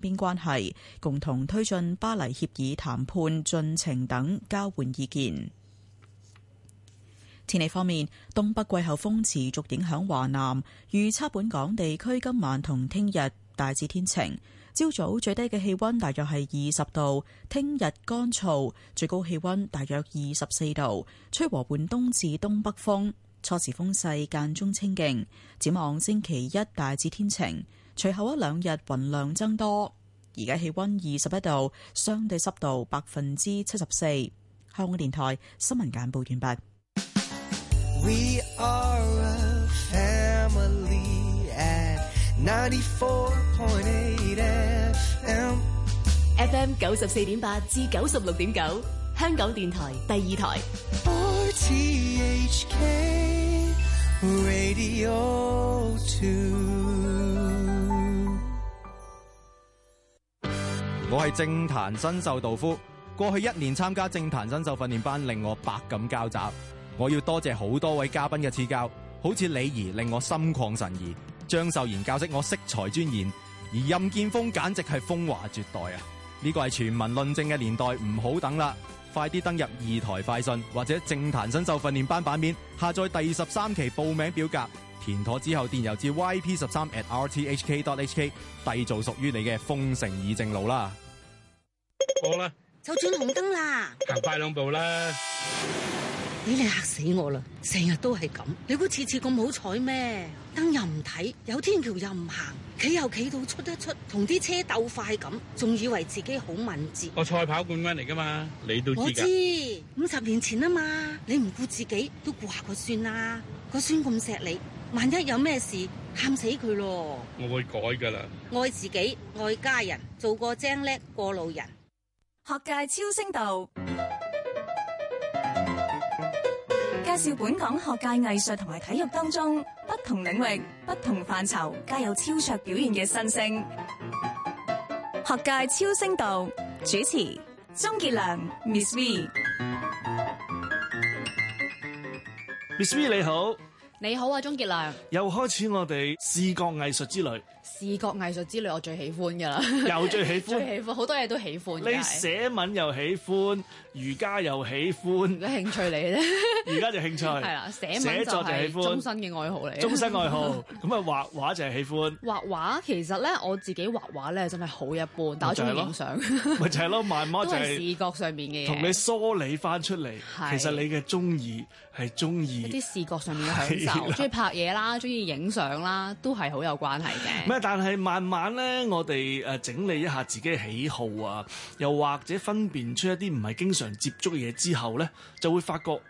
邊關係，共同推進巴黎協議談判進程等交換意見。天氣方面，東北季候風持續影響華南，預測本港地區今晚同聽日大致天晴。朝早最低嘅氣溫大約係二十度，聽日乾燥，最高氣溫大約二十四度，吹和緩東至東北風，初時風勢間中清勁。展望星期一，大致天晴。隨後一兩日雲量增多，而家氣溫二十一度，相對濕度百分之七十四。香港電台新聞簡報完畢。FM 九十四點八至九十六點九，香港電台第二台。我係政壇新秀道夫，過去一年參加政壇新秀訓練班，令我百感交集。我要多謝好多位嘉賓嘅賜教，好似李儀令我心曠神怡，張秀賢教識我色彩尊嚴，而任建峰簡直係風華絕代啊！呢個係全民論政嘅年代，唔好等啦，快啲登入二台快訊或者政壇新秀訓練班版面，下載第十三期報名表格，填妥之後電郵至 yp 十三 at rthk.hk，締造屬於你嘅豐盛以正路啦！我啦，過就轉紅燈啦，行快兩步啦，哎！你你嚇死我啦！成日都係咁，你估次次咁好彩咩？燈又唔睇，有天橋又唔行，企又企到出得出，同啲車鬥快咁，仲以為自己好敏捷。我賽跑冠軍嚟噶嘛？你都知噶。我知五十年前啊嘛，你唔顧自己都顧下個孫啦。個孫咁錫你，萬一有咩事，喊死佢咯。我會改噶啦，愛自己，愛家人，做個精叻過路人。學界超星道，介紹本港學界藝術同埋體育當中不同領域、不同範疇皆有超卓表現嘅新星。學界超星道主持鍾傑良，Miss V，Miss V 你好。你好啊，鍾傑良，又開始我哋視覺藝術之旅。視覺藝術之類我最喜歡噶啦，又最喜歡，好多嘢都喜歡。你寫文又喜歡，瑜伽又喜歡，興趣嚟啫。而家就興趣，係啦，寫文就係終身嘅愛好嚟，終身愛好。咁啊，畫畫就係喜歡。畫畫其實咧，我自己畫畫咧，真係好一般，但我中意影相。咪就係咯，慢慢就係視覺上面嘅嘢。同你梳理翻出嚟，其實你嘅中意係中意一啲視覺上面嘅享受，中意拍嘢啦，中意影相啦，都係好有關係嘅。但係慢慢咧，我哋誒、啊、整理一下自己嘅喜好啊，又或者分辨出一啲唔係經常接觸嘅嘢之後咧，就會發覺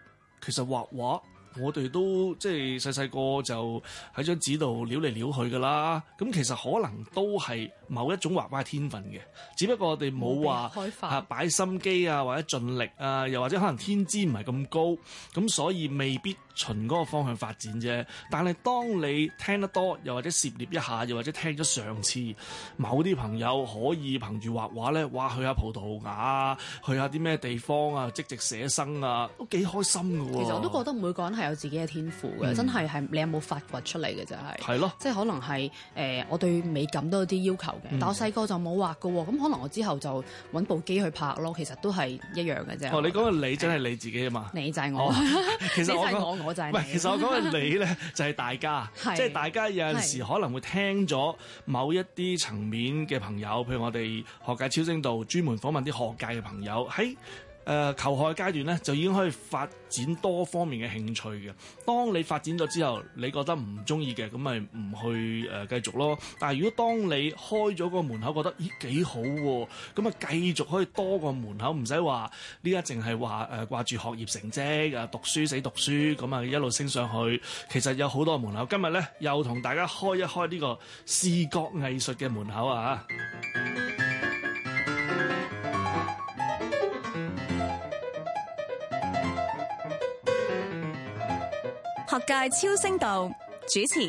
其實畫畫。我哋都即係細細個就喺張紙度撩嚟撩去噶啦，咁其實可能都係某一種畫畫嘅天分嘅，只不過我哋冇話嚇擺心機啊，或者盡力啊，又或者可能天資唔係咁高，咁所以未必循個方向發展啫。但係當你聽得多，又或者涉獵一下，又或者聽咗上次某啲朋友可以憑住畫畫咧，哇！去下葡萄牙，去下啲咩地方啊，積積寫生啊，都幾開心嘅，啊、其實我都覺得唔會講係。有自己嘅天賦嘅，嗯、真係係你有冇發掘出嚟嘅就係，係咯的，即係可能係誒、呃，我對美感都有啲要求嘅，嗯、但我細個就冇畫嘅，咁可能我之後就揾部機去拍咯，其實都係一樣嘅啫。哦，你講嘅你真係你自己啊嘛？你就係我，其實我我就係你。唔係，其實我講嘅你咧就係大家，即係 大家有陣時可能會聽咗某一啲層面嘅朋友，譬如我哋學界超聲道，專門訪問啲學界嘅朋友喺。Hey, 誒、呃、求學嘅階段咧，就已經可以發展多方面嘅興趣嘅。當你發展咗之後，你覺得唔中意嘅，咁咪唔去誒、呃、繼續咯。但係如果當你開咗個門口，覺得咦幾好喎、啊，咁啊繼續可以多個門口，唔使話呢家淨係話誒掛住學業成績啊，讀書死讀書，咁啊一路升上去。其實有好多門口。今日咧又同大家開一開呢個視覺藝術嘅門口啊！界超聲道主持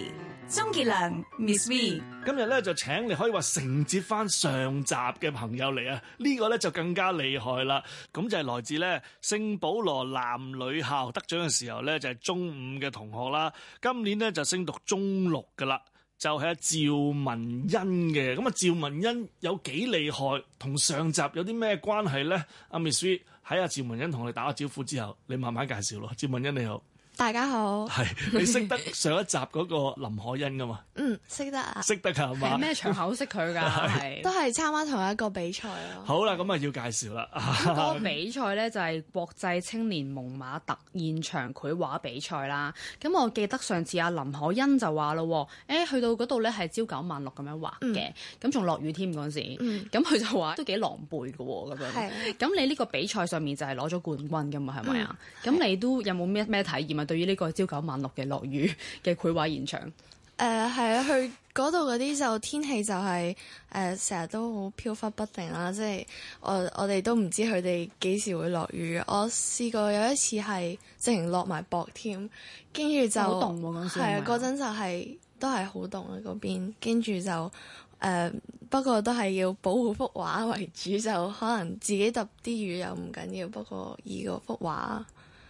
鍾傑良 Miss V 今日咧就請你可以話承接翻上集嘅朋友嚟啊、這個、呢個咧就更加厲害啦，咁就係來自咧聖保羅男女校得獎嘅時候咧就係、是、中五嘅同學啦，今年咧就升讀中六噶啦就係、是、阿趙汶殷嘅。咁啊趙汶殷有幾厲害，同上集有啲咩關係咧？阿 Miss V 喺阿趙汶殷同我哋打個招呼之後，你慢慢介紹咯。趙汶殷你好。大家好，係你識得上一集嗰個林可欣噶嘛？ 嗯，識得啊，識得噶係嘛？咩場口識佢噶？ 是是都係參加同一個比賽啊。好啦，咁啊要介紹啦。個比賽咧就係、是、國際青年蒙馬特現場繪畫比賽啦。咁我記得上次阿、啊、林可欣就話咯，誒、欸、去到嗰度咧係朝九晚六咁樣畫嘅，咁仲落雨添嗰陣時，咁佢、嗯、就話都幾狼狽噶喎，咁樣。係是。咁你呢個比賽上面就係攞咗冠軍噶嘛？係咪啊？咁、嗯、你都有冇咩咩體驗啊？對於呢個朝九晚六嘅落雨嘅繪畫現場，誒係、呃、啊，去嗰度嗰啲就天氣就係誒成日都好飄忽不定啦，即係我我哋都唔知佢哋幾時會落雨。我試過有一次係直情落埋薄添，跟住就係好凍啊嗰陣、啊、因為 就係、係、都係好凍啊嗰邊，跟住就誒、呃、不過都係要保護幅畫為主，就可能自己揼啲雨又唔緊要，不過以嗰幅畫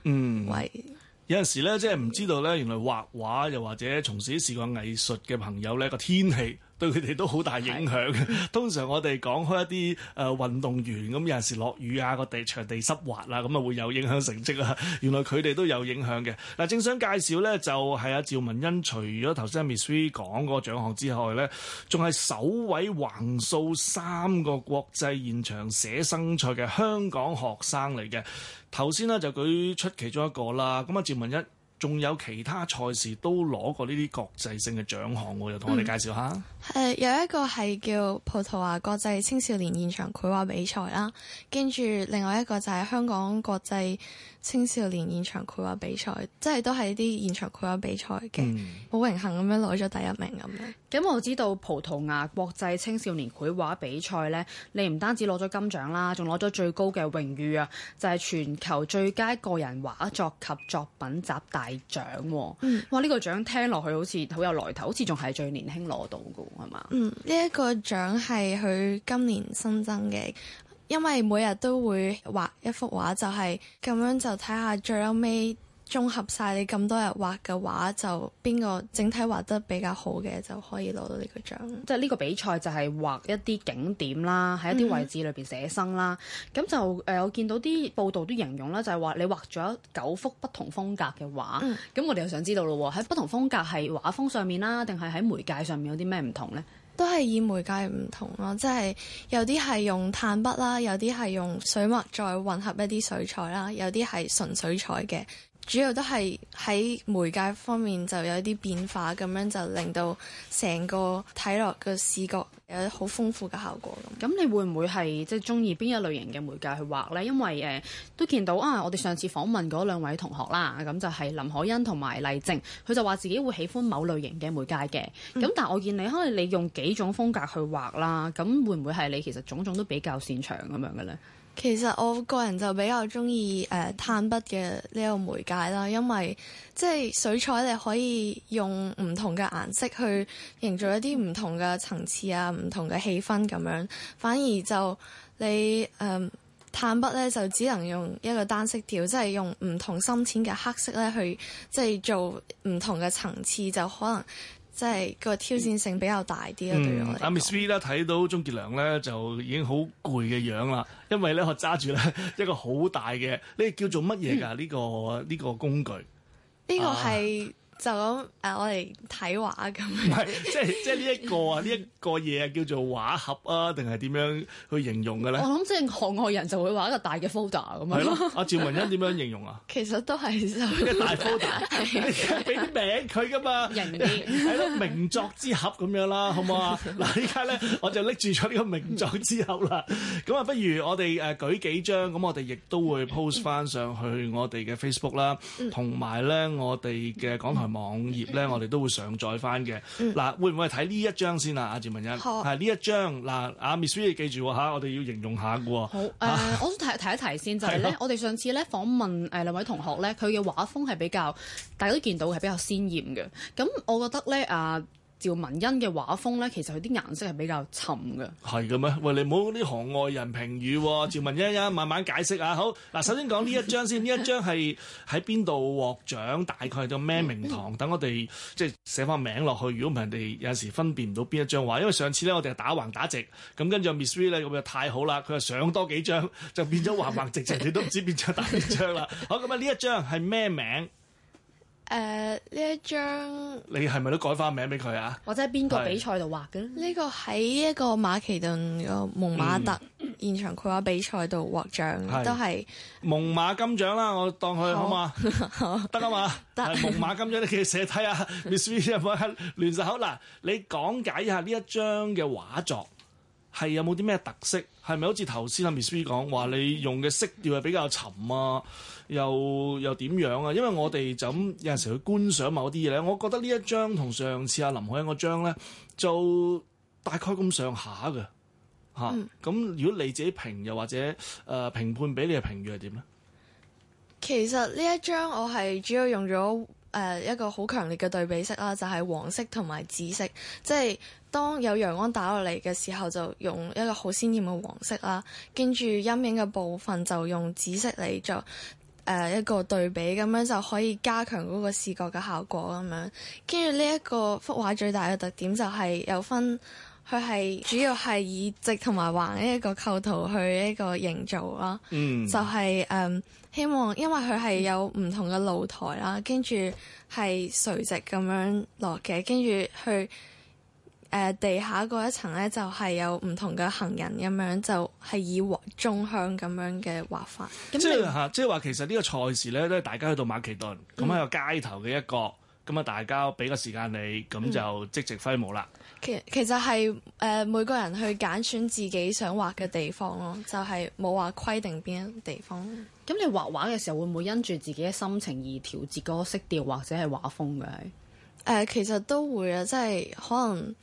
嗯為。嗯。有陣時咧，即係唔知道咧，原來畫畫又或者從事啲視覺藝術嘅朋友咧，個天氣對佢哋都好大影響。是的 通常我哋講開一啲誒、呃、運動員咁、嗯，有陣時落雨啊，個地場地，地濕滑啦，咁啊會有影響成績啊。原來佢哋都有影響嘅。嗱，正想介紹咧，就係、是、阿、啊、趙汶殷，除咗頭先 Ms V 講個獎項之外咧，仲係首位橫掃三個國際現場寫生賽嘅香港學生嚟嘅。頭先咧就舉出其中一個啦，咁啊趙汶殷，仲有其他賽事都攞過呢啲國際性嘅獎項喎，就同我哋介紹下。嗯誒、嗯、有一個係叫葡萄牙國際青少年現場繪畫比賽啦，跟住另外一個就係香港國際青少年現場繪畫比賽，即係都係啲現場繪畫比賽嘅，好、嗯、榮幸咁樣攞咗第一名咁、嗯、樣。咁、嗯、我知道葡萄牙國際青少年繪畫比賽呢，你唔單止攞咗金獎啦，仲攞咗最高嘅榮譽啊，就係、是、全球最佳個人畫作及作品集大獎。哇！呢、這個獎聽落去好似好有來頭，好似仲係最年輕攞到。嗯，呢一個獎係佢今年新增嘅，因為每日都會畫一幅畫，就係咁樣，就睇下最後尾。綜合晒你咁多日畫嘅畫，就邊個整體畫得比較好嘅，就可以攞到呢個獎。即係呢個比賽就係畫一啲景點啦，喺一啲位置裏邊寫生啦。咁、嗯、就誒、呃，我見到啲報道都形容啦，就係話你畫咗九幅不同風格嘅畫。咁、嗯、我哋又想知道咯喎，喺不同風格係畫風上面啦，定係喺媒介上面有啲咩唔同呢？都係以媒介唔同咯，即係有啲係用炭筆啦，有啲係用水墨再混合一啲水彩啦，有啲係純水彩嘅。主要都係喺媒介方面就有啲變化，咁樣就令到成個睇落嘅視覺有好豐富嘅效果。咁，你會唔會係即係中意邊一類型嘅媒介去畫呢？因為誒、呃、都見到啊，我哋上次訪問嗰兩位同學啦，咁就係林可欣同埋麗靜，佢就話自己會喜歡某類型嘅媒介嘅。咁、嗯、但係我見你可能你用幾種風格去畫啦，咁會唔會係你其實種種都比較擅長咁樣嘅呢？其實我個人就比較中意誒炭筆嘅呢個媒介啦，因為即係、就是、水彩你可以用唔同嘅顏色去營造一啲唔同嘅層次啊，唔同嘅氣氛咁樣，反而就你誒炭、呃、筆咧就只能用一個單色調，即、就、係、是、用唔同深淺嘅黑色咧去即係、就是、做唔同嘅層次，就可能。即係個挑戰性比較大啲咯，嗯、對我嚟講。阿 Miss V 咧睇到鍾傑良咧就已經好攰嘅樣啦，因為咧我揸住咧一個好大嘅，呢個叫做乜嘢㗎？呢、嗯呢個呢、呢個工具呢個係。 就咁誒，我嚟睇畫咁。唔係，即係即係呢一個啊，呢一個嘢啊，叫做畫盒啊，定係點樣去形容嘅咧？我諗即係行外人就會畫一個大嘅 folder 咁樣。係咯。阿趙汶殷點樣形容啊？其實都係就一大 folder，係俾啲名佢㗎嘛。人哋係咯，名作之盒咁樣啦，好唔好啊？嗱，依家咧我就拎住咗呢個名作之盒啦。咁啊，不如我哋誒舉幾張咁，我哋亦都會 post 翻上去我哋嘅 Facebook 啦，同埋咧我哋嘅港台網頁咧，我哋都會上載翻嘅。嗱、 啊，會唔會睇呢一張先啊？阿趙汶殷，係呢好一張嗱，阿 Miss V，你記住嚇、啊，我哋要形容下喎、啊。好，誒、呃， 我想提提一提先，就係、是、咧，的我哋上次咧訪問誒兩位同學咧，佢嘅畫風係比較，大家都見到係比較鮮豔嘅。咁我覺得咧啊。呃趙汶殷嘅畫風咧，其實佢啲顏色係比較沉嘅。係嘅咩？喂，你唔好啲行外人評語喎。 趙汶殷，一慢慢解釋啊。好嗱，首先講呢一張先。呢 一張係喺邊度獲獎？大概到咩名堂？等我哋即係寫翻名落去。如果唔係，人哋有時分辨唔到邊一張畫。因為上次咧，我哋係打橫打直咁，跟住 Ms V 咧，佢又太好啦，佢又上多幾張就變咗橫橫直直，你 都唔知變咗大幾張啦。好咁啊，呢一張係咩名？誒呢、呃、一張，你係咪都改翻名俾佢啊？或者邊個比賽度畫嘅？呢個喺一個馬其頓個蒙馬特現場繪畫比賽度獲獎，嗯、都係蒙馬金獎啦！我當佢好嘛？得啊嘛？得蒙馬金獎，你其實寫睇下 Miss V 啊，唔好亂手嗱，你講解一下呢一張嘅畫作，係有冇啲咩特色？係咪好似頭先阿 Miss B 講話，你用嘅色調係比較沉啊，又又點樣啊？因為我哋就咁有陣時去觀賞某啲嘢咧。我覺得呢一張同上次阿林海欣嗰張咧，就大概咁上下㗎吓。咁、啊嗯、如果你自己評，又或者誒、呃、評判俾你嘅評語係點咧？其實呢一張我係主要用咗誒一個好強烈嘅對比色啦，就係、是、黃色同埋紫色，即係。當有陽光打落嚟嘅時候，就用一個好鮮豔嘅黃色啦，跟住陰影嘅部分就用紫色嚟做誒、呃、一個對比，咁樣就可以加強嗰個視覺嘅效果咁樣。跟住呢一個幅畫最大嘅特點就係有分佢係主要係以直同埋橫一個構圖去一個營造啦，嗯、就係、是、誒、呃、希望因為佢係有唔同嘅露台啦，跟住係垂直咁樣落嘅，跟住去。誒，地下嗰一層咧就係有唔同嘅行人咁樣，就係、是、以畫縱向咁樣嘅畫法。即係是吓，你即係話其實呢個賽事咧都係大家去到馬其頓，咁喺個街頭嘅一角，咁啊大家俾個時間你，咁就即席揮毫啦。其實其實係誒、呃，每個人去揀選自己想畫嘅地方咯，就係冇話規定邊一地方。咁、就是、你畫畫嘅時候會唔會因住自己嘅心情而調節嗰個色調或者係畫風嘅？誒、呃，其實都會啊，即係可能。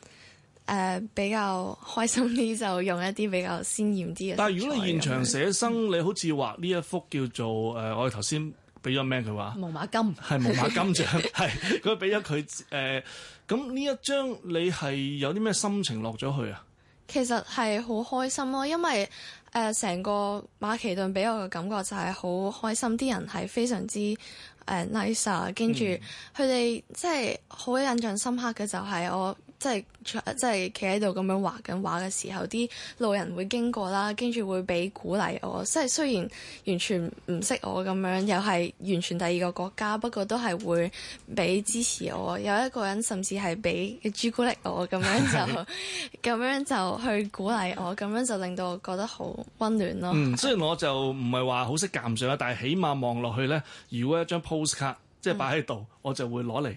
誒、呃，比較開心啲就用一啲比較鮮艷啲嘅。但係如果你現場寫生，嗯、你好似畫呢一幅叫做誒、呃，我哋頭先俾咗咩？佢話馬。毛馬金。係毛馬金獎，係佢俾咗佢誒，咁、呃、呢一張你係有啲咩心情落咗去啊？其實係好開心咯，因為誒成、呃、個馬其頓俾我嘅感覺就係好開心，啲人係非常之誒、uh, nice，跟住佢哋真係好印象深刻嘅就係我。即係即係企喺度咁樣畫緊畫嘅時候，啲路人會經過啦，跟住會俾鼓勵我。即係雖然完全唔識我咁樣，又係完全第二個國家，不過都係會俾支持我。有一個人甚至係俾朱古力我，咁樣就咁是樣就去鼓勵我，咁樣就令到我覺得好溫暖咯。嗯，雖然我就唔係話好識鑑賞啊，但係起碼望落去咧，如果一張 post 卡即係擺喺度，嗯、我就會攞嚟。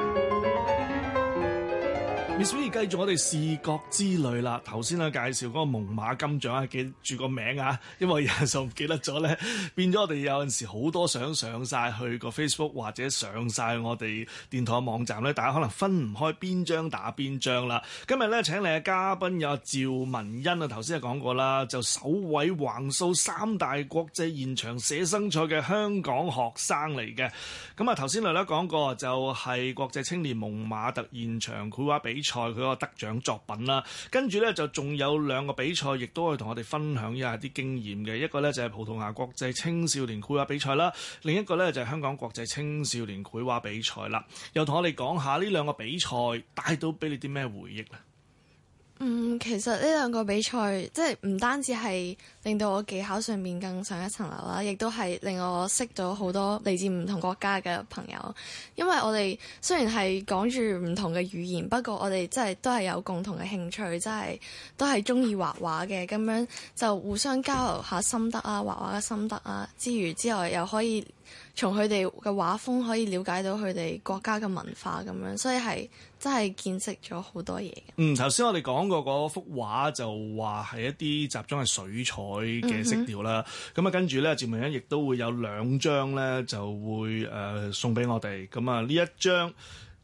所以繼續我哋視覺之旅啦。頭先啊介紹個蒙馬金獎啊，記住個名啊，因為有陣時唔記得咗咧，變咗我哋有陣時好多相上曬去個 Facebook 或者上曬我哋電台網站咧，大家可能分唔開邊張打邊張啦。今日咧請嚟嘅嘉賓有趙汶殷啊，頭先又講過啦，就首位橫掃三大國際現場寫生賽嘅香港學生嚟嘅。咁啊頭先嚟咧講過就係國際青年蒙馬特現場繪畫比賽。賽佢個得獎作品啦，跟住呢就仲有兩個比賽，亦都可以同我哋分享一下啲經驗嘅。一個呢就係葡萄牙國際青少年繪畫比賽啦，另一個呢就係香港國際青少年繪畫比賽啦。又同我哋講下呢兩個比賽帶到俾你啲咩回憶咧？嗯，其實呢兩個比賽即係唔單止係令到我技巧上面更上一層樓啦，亦都係令我識到好多嚟自唔同國家嘅朋友。因為我哋雖然係講住唔同嘅語言，不過我哋真係都係有共同嘅興趣，真係都係中意畫畫嘅。咁樣，就互相交流下心得啊，畫畫嘅心得啊之餘之外，又可以。從佢哋嘅畫風可以了解到佢哋國家嘅文化咁樣，所以係真係見識咗好多嘢嘅。嗯，頭先我哋講過嗰幅畫就話係一啲集中係水彩嘅色調啦。咁啊、嗯哼，跟住咧，趙汶殷亦都會有兩張咧就會誒、呃、送俾我哋。咁啊，呢一張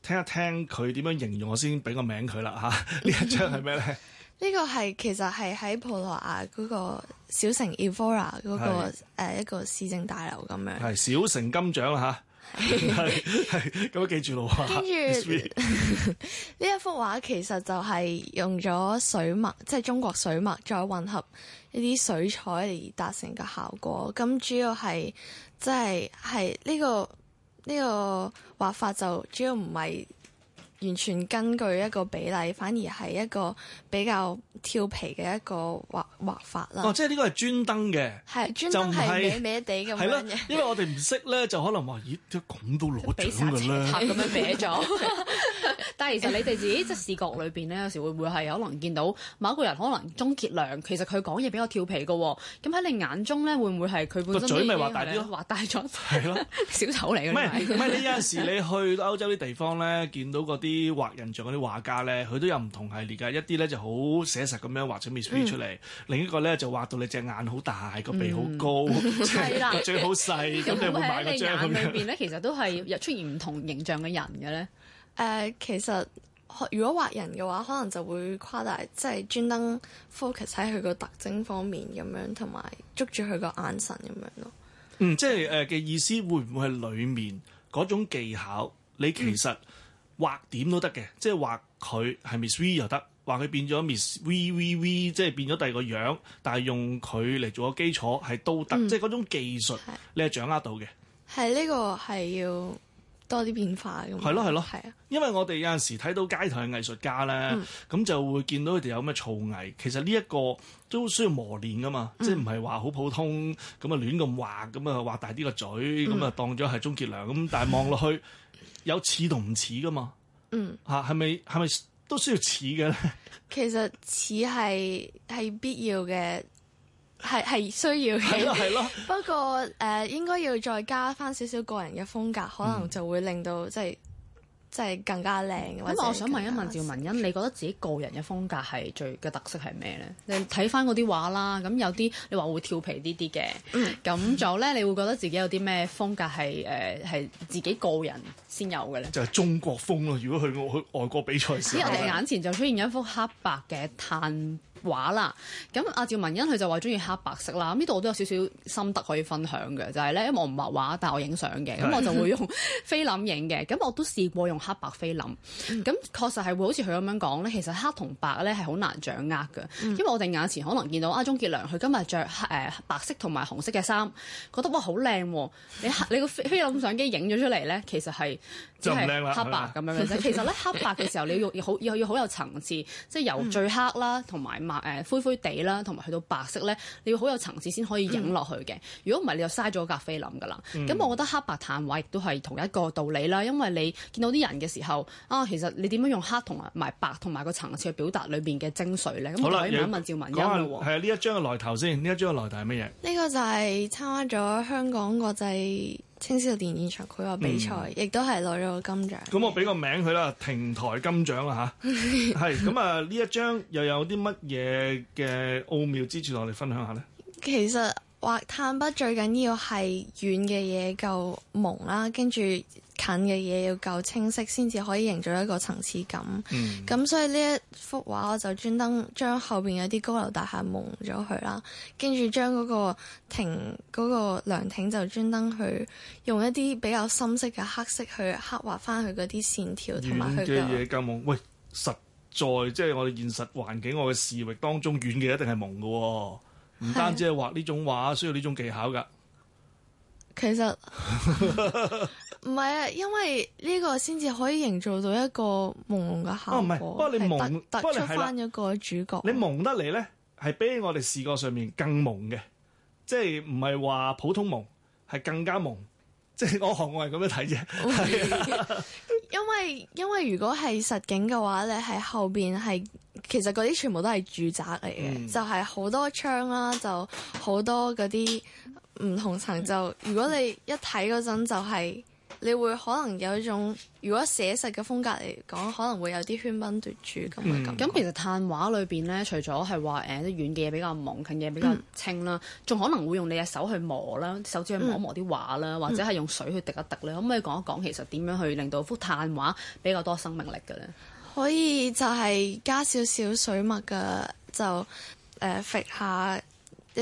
聽一聽佢點樣形容，我先俾個名佢啦嚇。呢、啊、一張係咩咧？嗯哼 呢個係其實係喺葡萄牙嗰個小城 Evora 嗰、嗰個係、呃、一個市政大樓咁樣，係小城金獎啦嚇，係係咁記住咯喎。跟住呢一幅畫其實就係用咗水墨，即、就、係、係、中國水墨再混合一啲水彩嚟達成嘅效果。咁主要係即係係呢個呢、呢個呢個畫法就主要唔係。完全根據一個比例，反而係一個比較跳皮嘅一個畫畫法啦。哦，即係呢個係專登嘅，係專登係歪歪地咁樣嘅。因為我哋唔識咧，就可能話咦，點解咁都攞獎咁樣歪咗。但係其實你哋自己即係視覺裏邊咧，有時會唔會係可能見到某一個人？可能鍾傑良？其實佢講嘢比較跳皮嘅喎。咁喺你眼中咧，會唔會係佢本身嘴咪話大啲咯？畫大咗，係咯，小丑嚟嘅。唔係唔係，你有陣時你去歐洲啲地方咧，見到嗰啲。啲畫人像嗰啲畫家咧，佢都有唔同系列噶。一啲咧就好寫實咁樣畫出 misery 出嚟，另一個咧就畫到你隻眼好大，個鼻好高，最好細咁。 你會喺你眼裏邊咧這樣、嗯，其實都係有出現唔同形象嘅人嘅咧。誒，其實如果畫人嘅話，可能就會誇大，即係專登 focus 喺佢個特徵方面咁樣，同埋捉住佢個眼神咁樣咯。嗯，即係誒嘅意思會唔會係裏面嗰種技巧？你其實，嗯。畫點都得嘅，即係畫佢係 Miss V 又得，畫佢變咗 Miss V V V，即係變咗第二個樣，但係用佢嚟做個基礎係都得，嗯、即係嗰種技術你係掌握到嘅。係呢、呢個係要多啲變化嘅，係咯係咯，係啊，的因為我哋有陣時睇到街頭嘅藝術家咧，咁、嗯、就會見到佢哋有咩造詣。其實呢一個都需要磨練噶嘛，嗯、即係唔係話好普通咁啊亂咁畫咁啊畫大啲個嘴咁啊、嗯、當咗係鍾傑良咁，但係望落去。 有似同唔似㗎嘛？嗯，吓係咪係咪都需要似嘅咧？其實似係係必要嘅，係係需要嘅。係咯係咯。 不過誒、呃，應該要再加返少少個人嘅風格，可能就會令到、嗯、即係。即係更加靚。咁我想問一問趙汶殷，你覺得自己個人嘅風格係最嘅特色係咩呢？你睇翻嗰啲畫啦，咁有啲你話會調皮啲啲嘅。咁仲、嗯、呢，你會覺得自己有啲咩風格係誒係自己個人先有嘅呢？就係中國風咯。如果去去外國比賽時，人哋眼前就出現一幅黑白嘅炭畫啦，咁阿趙汶殷佢就話鍾意黑白色啦。呢度我都有少少心得可以分享嘅，就係、是、咧，因為我唔畫畫，但我影相嘅，咁 我就會用菲林影嘅。咁我都試過用黑白菲林，咁、嗯、確實係會好似佢咁樣講咧，其實黑同白咧係好難掌握嘅，嗯、因為我哋眼前可能見到阿鍾傑良佢今日着誒白色同埋紅色嘅衫，覺得哇好靚喎！啊、 你你個菲林相機影咗出嚟咧，其實係就唔靚啦，黑白咁樣 其實咧黑白嘅時候你要好 要好要好有層次，即係由最黑啦同埋。麻灰灰地啦，同埋去到白色咧，你要好有層次先可以影落去嘅。如果唔係，你就嘥咗咖啡濾噶啦。咁、嗯、我覺得黑白炭畫亦都係同一個道理啦，因為你見到啲人嘅時候啊，其實你點樣用黑同埋白同埋個層次去表達裏邊嘅精髓咧？咁吧可以問一問趙在汶殷啊，係呢一,一張嘅來頭先，呢一張嘅來頭係乜嘢？呢個就係參加咗香港國際。青少年現場繪畫比賽，亦都係攞咗個金獎。咁我俾個名佢啦，亭台金獎啦吓。係咁啊，呢 一張又有啲乜嘢嘅奧妙之處，同我哋分享下咧？其實畫炭筆最緊要係遠嘅嘢夠蒙啦，跟住，近嘅嘢要夠清晰，先至可以營造一個層次感。咁、嗯、所以呢一幅畫，我就專登將後邊有啲高樓大廈蒙咗佢啦，跟住將嗰個亭、嗰、嗰個涼亭就專登去用一啲比較深色嘅黑色去刻畫翻佢嗰啲線條同埋佢嘅嘢咁蒙。喂，實在即係、就是、我哋現實環境我嘅視域當中，遠嘅一定係蒙噶，唔單止係畫呢種畫需要呢種技巧噶。是其實。 唔係啊，因為呢個先至可以營造到一個朦朧嘅效果。唔係、啊，不過不你蒙突，但 突出翻一個主角，你蒙得嚟咧係比我哋視覺上面更蒙嘅，即係唔係話普通蒙係更加蒙，即、就、係、是、我學我係咁樣睇啫。因為因為如果係實景嘅話咧，你喺後邊係其實嗰啲全部都係住宅嚟嘅、嗯啊，就係好多窗啦，就好多嗰啲唔同層就，如果你一睇嗰陣就係、是。你會可能有種，如果寫實嘅風格嚟講，可能會有啲喧賓奪主咁嘅感。咁、嗯嗯嗯、其實炭畫裏邊咧，除咗係話誒，遠嘅嘢比較朦，近嘅嘢比較清啦，仲可能會用你隻手去磨啦，手指去磨一磨啲畫啦，或者係用水去滴一滴咧。嗯、可唔可以講一講其實點樣去令到幅炭畫比較多生命力嘅咧？可以就係加少少水墨嘅，就誒揈、呃、下。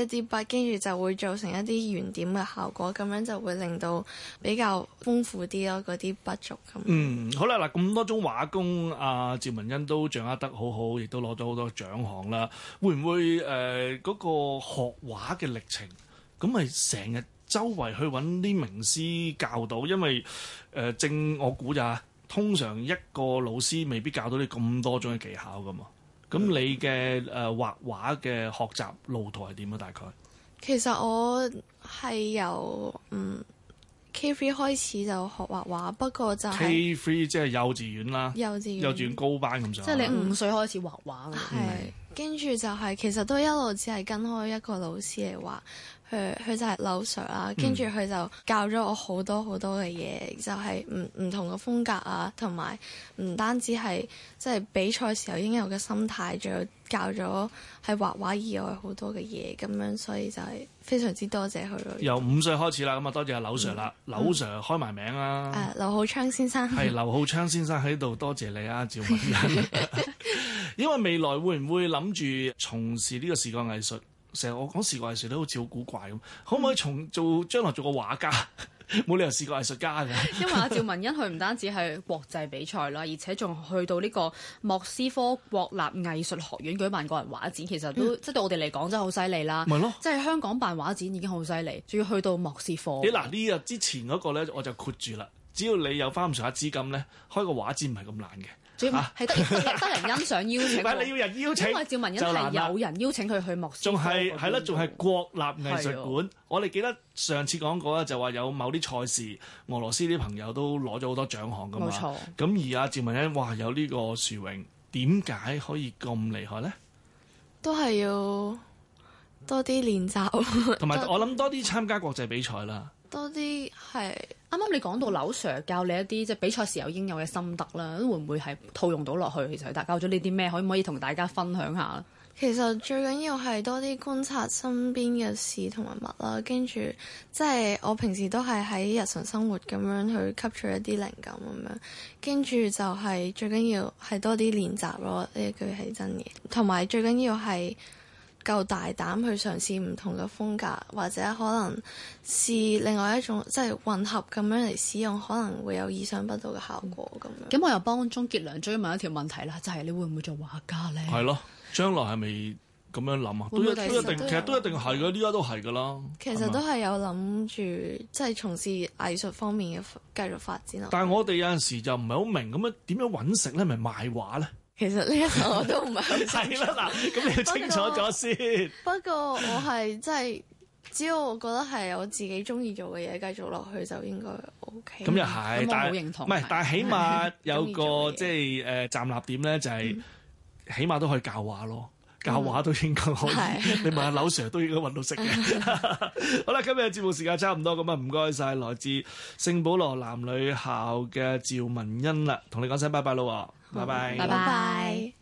一啲筆，跟住就會造成一啲圓點嘅效果，咁樣就會令到比較豐富啲咯，嗰啲筆觸咁。嗯，好啦，嗱咁多種畫工，阿、啊、趙汶殷都掌握得好好，亦都攞咗好多獎項啦。會唔會誒嗰、呃那個學畫嘅歷程咁咪成日周圍去揾啲名師教到？因為誒、呃、正我估咋，通常一個老師未必教到你咁多種嘅技巧噶嘛。咁你嘅誒畫畫嘅學習路途係點啊？大概其實我係由嗯 K three 開始就學畫畫，不過就是，K three 即係幼稚園啦，幼稚園幼稚園高班咁上下，即係你五歲開始畫畫，係係、嗯。是嗯跟住就係、是，其實都一路只係跟開一個老師嚟話，佢佢就係劉 sir 啊。跟住佢就教咗我好多好多嘅嘢，嗯、就係唔唔同嘅風格啊，同埋唔單止係即係比賽時候應有嘅心態，仲有教咗喺畫畫以外好多嘅嘢。咁樣所以就係非常之多謝佢。由五歲開始啦，咁啊多謝阿劉 sir 啦，劉、嗯、sir 開埋名啦、啊。誒、呃，劉浩昌先生。係劉浩昌先生喺度，多謝你啊，趙汶殷 因為未來會唔會諗？諗住從事呢個視覺藝術，成日我講視覺藝術都好似好古怪咁，嗯、可唔可以從做將來做個畫家？冇 理由視覺藝術家嘅。因為阿趙汶殷佢唔單止係國際比賽啦， 而且仲去到呢個莫斯科國立藝術學院舉辦個人畫展，其實都、嗯、即係對我哋嚟講真係好犀利啦。咪咯，即係香港辦畫展已經好犀利，仲要去到莫斯科。嗱、欸，呢個之前嗰個咧，我就括住啦。只要你有翻咁上下資金咧，開個畫展唔係咁難嘅。係得得人欣賞，唔係、啊、 你要人邀請。汶殷係有人邀請佢去莫斯科。仲係係咯，仲係國立藝術館。的我哋記得上次講過啦，就話有某啲賽事，俄羅斯啲朋友都攞咗好多獎項噶嘛。冇錯。咁錯而阿趙汶殷，哇，有呢個殊榮，點解可以咁厲害咧？都係要多啲練習同埋我諗多啲參加國際比賽啦。多啲係啱啱你講到劉 sir 教你一啲即係比賽時候應有嘅心得啦，會唔會係套用到落去？其實教咗呢啲咩，可唔可以同大家分享下咧？其實最緊要係多啲觀察身邊嘅事同埋物啦，跟住即係我平時都係喺日常生活咁樣去吸取一啲靈感咁樣，跟住就係最緊要係多啲練習咯。呢一句係真嘅，同埋最緊要係，夠大膽去嘗試唔同嘅風格，或者可能試另外一種，即係混合咁樣嚟使用，可能會有意想不到嘅效果咁樣。咁、嗯、我又幫鍾傑良追問一條問題啦，就係、是、你會唔會做畫家咧？係咯，將來係咪咁樣諗啊？會會都一定，其實都一定係噶，呢家都係噶啦。其實都係有諗住即係從事藝術方面嘅繼續發展咯。嗯、但係我哋有陣時就唔係好明咁樣點樣揾食咧，咪賣畫咧？其實呢個我都唔係好清楚。係啦， 嗱，咁你要清楚咗先。不過， 不過我係即係，只要我覺得係我自己中意做嘅嘢，繼續落去就應該 O K。咁又係，咁我好認同。唔係是，是但係起碼有個 即係誒、呃、站立點咧，就是，就係、 嗯、起碼都可以教話咯。嗯、教畫都應該可以，是你問阿柳 sir 都應該揾到食嘅。 好啦，今日嘅節目時間差唔多，咁啊唔該晒來自聖保羅男女校嘅趙汶殷啦，同你講聲拜拜囉，喎好，拜拜，拜拜。拜拜。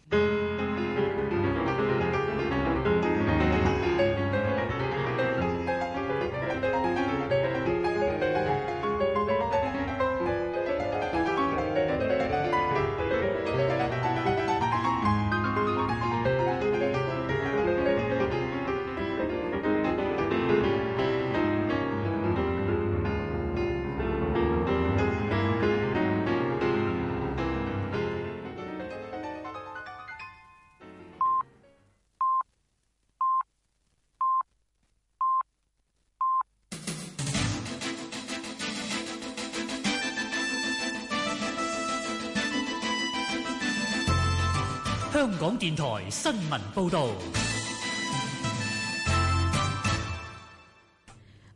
新聞報道，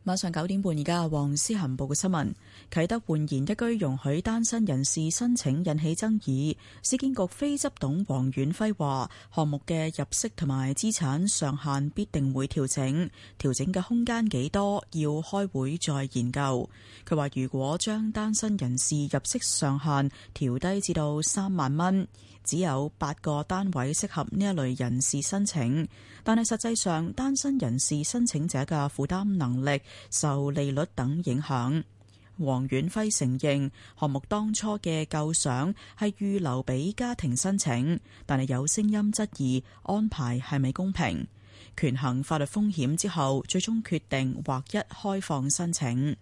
晚上九點半，而家黃思恒報嘅新聞。啟德煥然一居容許單身人士申請，引起爭議。市建局非執董黃遠輝話，項目嘅入息同埋資產上限必定會調整，調整嘅空間幾多，要開會再研究。佢話如果將單身人士入息上限調低至到三萬蚊。只有八個單位適合呢一類人士申請，但係實際上單身人士申請者嘅負擔能力受利率等影響。黃遠輝承認項目當初嘅構想係預留俾家庭申請，但係有聲音質疑安排係咪公平，權衡法律風險之後，最終決定劃一開放申請。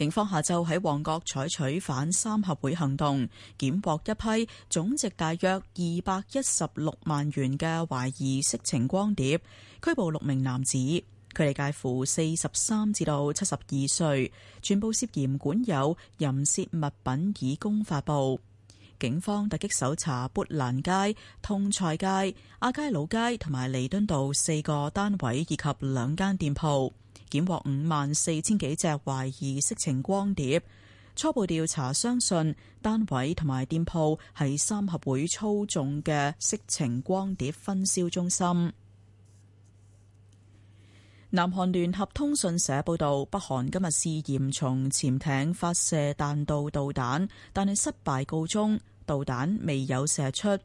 警方下晝喺旺角採取反三合會行動，檢獲一批總值大約二百一十六萬元嘅懷疑色情光碟，拘捕六名男子，佢哋介乎四十三至到七十二歲，全部涉嫌管有淫褻物品以供發布。警方突擊搜查砵蘭街、通菜街、亞皆老街同埋彌敦道四個單位以及兩間店鋪。檢獲五萬四千幾隻懷疑色情光碟，初步調查相信單位同埋店鋪係三合會操縱嘅色情光碟分銷中心。南韓聯合通訊社報道，北韓今日試驗從潛艇發射彈道導彈，但係失敗告終，導彈未有射出。